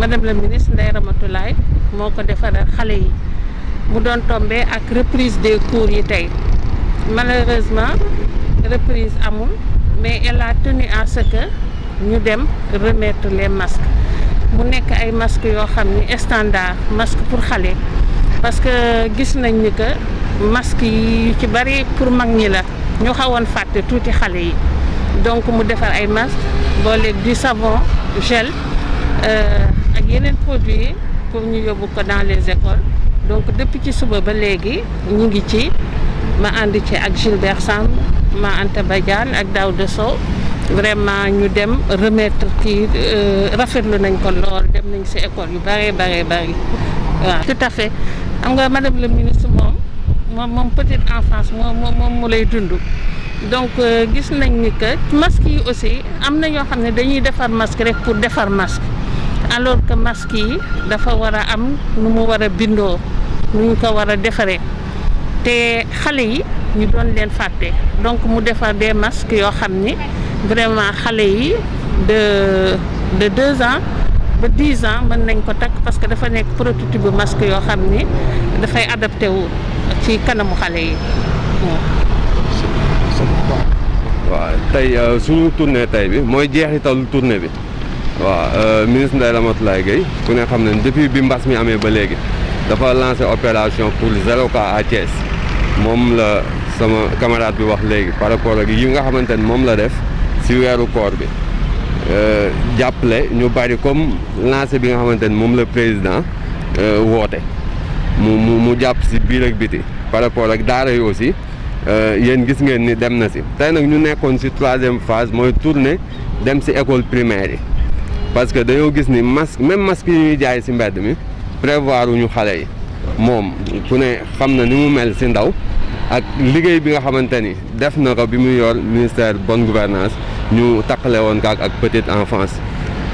madame la ministre Ndeye Ramatoulaye moo ko defaral xale yi mu doon tombé ak reprise des cours yi tey malheureusement reprise amul mais elle la tenu à ce ñu dem remettre les masques mu nekk ay masques yoo xam ni standard masque pour xale parce que gis nañ ni que masque yi ci bari pour mag ñi la ñu xawoon fàtte tuuti xale yi donc mu defar ay masques booleeg du savon gel. Euh, yeneen produits yi pour ñu yóbbu ko dans les écoles donc depuis ci suba ba léegi ñu ngi ci ma ànd ci ak Gilbert Samb ma Anta Badiane ak Daouda Sow vraiment ñu dem remettre rafet euh, rafetlu nañ ko lool dem nañ si école yu bëree bëree bëri waaw tout à fait xam nga madame la ministre moom moom moom petite enfance moom moom mu lay dund donc euh, gis nañ ni que masque yi aussi am na ñoo xam ne dañuy defar masque rek pour defar masque alors que masque yi dafa war a am nu mu war a bindoo nu ñu ko war a defaree te xale yi ñu doon leen fàtte donc mu defar des masques yoo xam ni vraiment xale yi de de deux ans ba dix ans mën nañ ko takk parce que dafa nekk prototype bu masque yoo xam ni dafay adapté wu ci kanamu xale yi waaw tey euh, suñu tournée tey bi mooy jeexital tournée bi waaw euh, ministre Ndeye Ramatoulaye Gueye ku ne xam ne depuis bi mbas mi amee ba léegi dafa lancé opération pour zéro cas à Thiès moom la sama camarade bi wax léegi par rapport ak yi nga xamante ne moom la def si weeru koor bi euh, jàppale ñu bari comme lancé bi nga xamante ne moom la président euh, woote mu mu jàpp si biir ak biti par rapport ak daara yi aussi yéen gis ngeen ni dem na si tey nag ñu nekkoon si troisième phase mooy tournée dem si école primaire yi parce que dañoo gis ni masque même masque yi ñuy jaay si mbedd mi prévoir wuñu xale yi moom ku ne xam na ni mu mel si ndaw ak liggéey bi nga xamante ni def na ko bi mu yoor ministère bonne gouvernance ñu taqale woon kaak ak petite enfance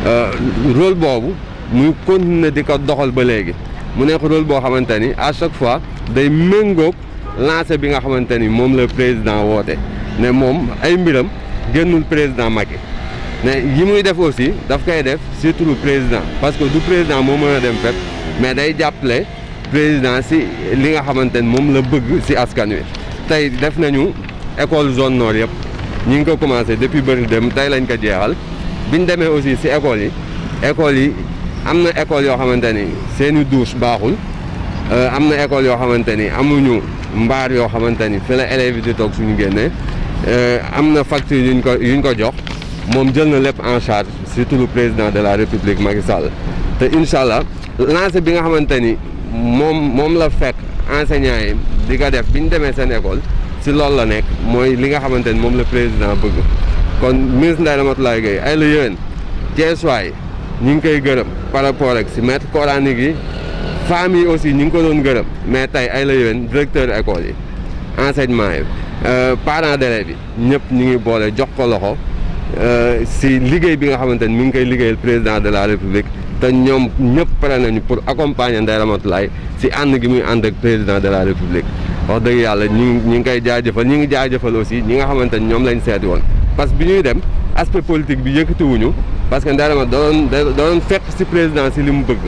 euh, rôle boobu muy continuer di ko doxal ba léegi mu ne ko rôle boo xamante ni à chaque fois day méngoog lancé bi nga xamante ni moom la président woote ne moom ay mbiram génnul président mag yi mais yi muy def aussi daf koy def surtout président parce que du président moo mën a dem fépp mais day jàppale président si li nga xamante ni moom la bëgg si askan wi. tey def nañu école zone nord yëpp ñu ngi ko commencé depuis bëri dem tey lañ ko jeexal bi ñu demee aussi si école yi école yi am na école yoo xamante ni seeni douche baaxul euh, am na école yoo xamante ni amuñu mbaar yoo xamante ni fi la élèves yi di toog suñu génnee euh, am na facture yuñ ko yuñ ko jox. moom jël na lépp en charge surtout le président de la république Macky te incha allah lancé bi nga xamante ni moom moom la fekk enseignants yi di ko def bi ñu demee seen école si loolu la nekk mooy li nga xamante ni moom la président bëgg kon ministre Ndeye laay Gueye ay la yéen yi ñu ngi koy gërëm par rapport ak si maître coranique gi femmes yi aussi ñu ngi ko doon gërëm mais tey ay la yéen directeur école yi enseignement yi euh, parent d'élèves bi ñëpp ñu ngi boole jox ko loxo. Euh, si liggéey bi nga xamante ni mi ngi koy liggéeyal président de la république te ñoom ñëpp pare nañu pour accompagner Ndeye Ramatoulaye si ànd gi muy ànd président de la république wax dëgg yàlla ñu ngi ñu ngi koy jaajëfal ñu ngi jaajëfal aussi ñi nga xamante ni ñoom lañ seeti woon parce que bi ñuy dem aspect politique bi yëkkatiwuñu parce que Ndeye Ramatoulaye doon doon fekk si président si li mu bëgg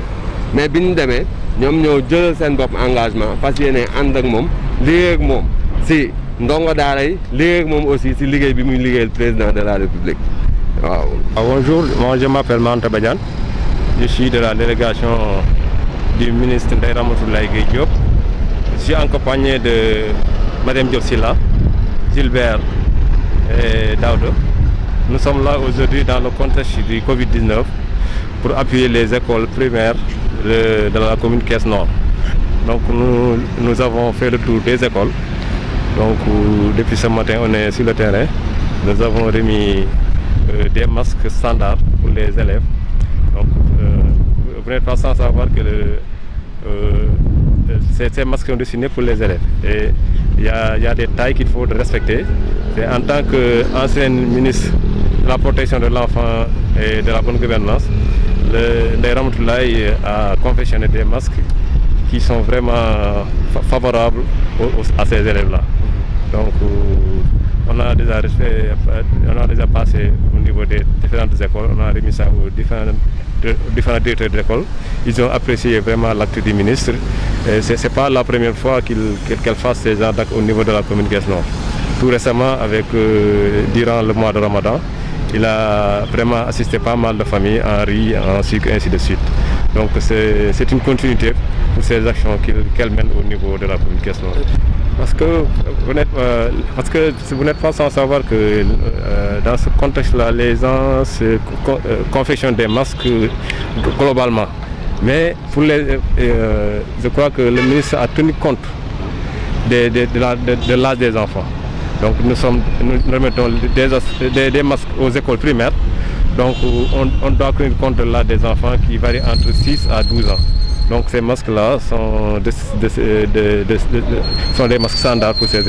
mais bi ñu demee ñoom ñoo jëlal seen bopp engagement fas ne ànd ak moom liggéey ak moom si ndongo daara yi liggéey moom aussi si liggéey bi muy liggéeyal président de la république waaw. Ah, bonjour moi je m'appelle Manta Badiane je de la délégation di ministre Ndeye Ramatoulaye Gueye Diop je suis accompagné de Madame Diop Silla Gilbert et Daouda nous sommes là aujourd'hui dans le contexte du Covid-19 pour appuyer les écoles primaires de, de la commune Thiès Nord donc nous avons fait le tour des écoles Donc depuis ce matin, on est sur le terrain. Nous avons remis euh, des masques standards pour les élèves. Donc euh, vous n'êtes pas sans savoir que le, euh, ces masques sont dessinés pour les élèves. Et il y a, y a, des tailles qu'il faut respecter. en tant que ministre de la protection de l'enfant et de la bonne gouvernance, le, les Ramatoulaye a confectionné des masques qui sont vraiment favorables aux, aux, à ces élèves-là. Donc, euh, on a déjà fait, euh, on a passé au niveau des différentes écoles, on a remis ça aux différents, aux différents directeurs Ils ont apprécié vraiment l'acte du ministre. Ce n'est pas la première fois qu'elle qu fasse ces gens au niveau de la commune Guest Nord. Tout récemment, avec, euh, durant le mois de Ramadan, il a vraiment assisté pas mal de familles en riz, en sucre, ainsi de suite. Donc c'est une continuité pour ces actions qu'elle mène au niveau de la commune Guest Parce que, vous n'êtes, euh, parce que vous n'êtes pas sans savoir que euh, dans ce contexte-là, les gens se con, euh, confectionnent des masques euh, globalement. Mais pour les, euh, je crois que le ministre a tenu compte de, de, de l'âge de, de des enfants. Donc nous, sommes, nous remettons des, des, des masques aux écoles primaires. Donc on, on doit tenir compte de l'âge des enfants qui varie entre 6 à 12 ans. Donc ces masques-là sont, de, de, de, sont des masques standards pour ces